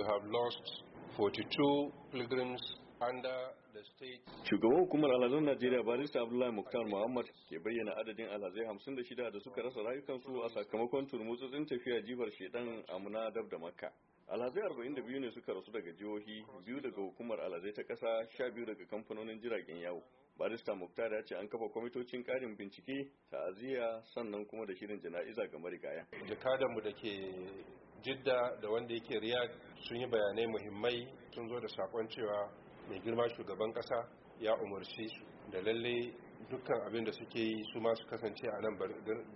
we have lost 42 pilgrims Shugaban hukumar alhazan Najeriya barista Abdullahi Muktar Muhammad ke bayyana adadin alhazai hamsin da shida da suka rasa rayukansu a sakamakon turmutsutsin tafiya jibar shedan Amuna dab da Makka. alhazai arba'in da biyu ne suka rasu daga jihohi biyu daga hukumar alhazai ta ƙasa sha biyu daga kamfanonin jiragen yawo barista muktar ya ce an kafa kwamitocin ƙarin bincike ta'aziyya sannan kuma da shirin jana'iza ga marigaya jakadanmu da ke jidda da wanda yake riyad sun yi bayanai muhimmai sun zo da sakon cewa mai girma shugaban kasa ya umarci da lalle dukkan abin da suke yi su masu kasance a nan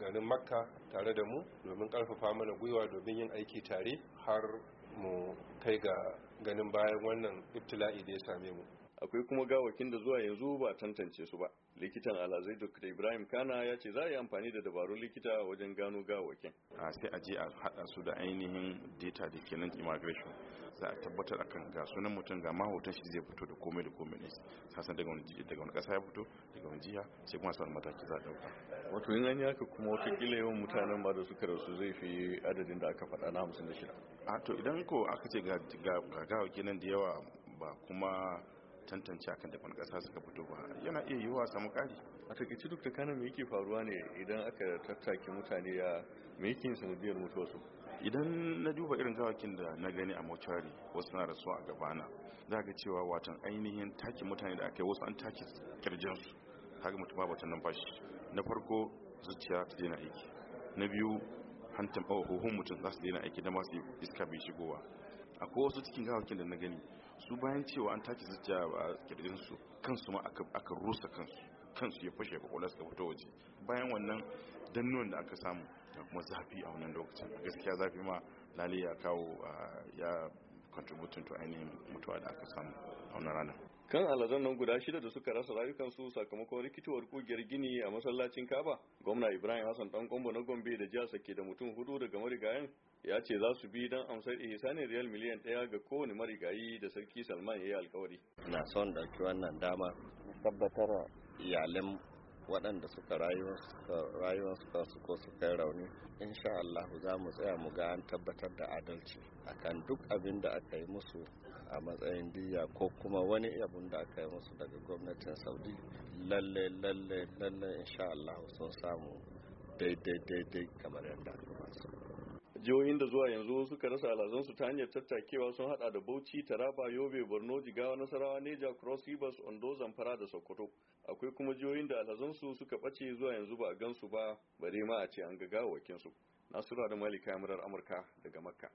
garin makka tare da mu domin karfafa mana gwiwa domin yin aiki tare har mu kai ga ganin bayan wannan ibtila'i da ya same mu akwai kuma gawakin da zuwa yanzu ba tantance su ba likitan alhazai dr ibrahim kana ya ce za a yi amfani da dabarun likita wajen gano gawakin a sai a je a hada su da ainihin data da ke nan immigration za a tabbatar akan ga sunan mutum ga mahotan shi zai fito da komai da komai ne sasan daga wani daga wani kasa ya fito daga wani jiha sai kuma sanar mataki za a dauka wato in an yi haka kuma wata kila yawan mutanen ba da suka rasu zai fi adadin da aka faɗa na hamsin da shida a to idan ko aka ce ga gawaki nan da yawa ba kuma tantance akan da kasa suka fito ba yana iya yiwuwa samu ƙari a takaici duk da kanan me yake faruwa ne idan aka tattake mutane ya me yake yin sanadiyar mutuwarsu idan na duba irin gawakin da na gani a mochari wasu na rasuwa a gabana za ga cewa watan ainihin take mutane da aka yi wasu an take kirjinsu kaga mutum ba batun numfashi na farko zuciya ta daina aiki na biyu hantan ɓawa oh, huhun mutum za su daina aiki da masu iska bai shigowa akwai wasu cikin gawakin da na gani su bayan cewa an tace zuciya a kirjinsu kansu ma aka rusa kansu kansu ya fashe kwakwalwa suka fito waje bayan wannan dannuwan da aka samu da kuma zafi a wannan lokacin gaskiya zafi ma lalle ya kawo ah, ya contributing to ainihin mutuwa da aka samu a wannan ranar kan aladen nan guda shida da suka rasa rayukansu sakamakon rikicewar kugiyar gini a masallacin kaba gwamna ibrahim hassan dan kombo na gombe da jihar sake da mutum hudu daga marigayen ya ce za su bi don amsar ihsanin riyal miliyan ɗaya ga kowane marigayi da sarki salman ya yi alkawari na son ɗauki wannan dama tabbatar iyalan waɗanda suka rayuwar suka suko su kai rauni insha Allah za mu tsaya mu ga an tabbatar da adalci akan duk abin da aka yi musu a matsayin diya ko kuma wani abin da aka yi musu daga gwamnatin saudi lalle lalle lalle insha Allah sun samu daidai daidai kamar yadda aka masu jihohin da zuwa yanzu suka rasa alazansu ta hanyar tattakewa sun hada da bauchi taraba yobe borno jigawa nasarawa neja cross rivers ondo zamfara da sokoto akwai kuma jihohin da alazansu suka bace zuwa yanzu ba a gansu ba bare ma a ce an ga gawakin su nasiru da malika murar amurka daga makka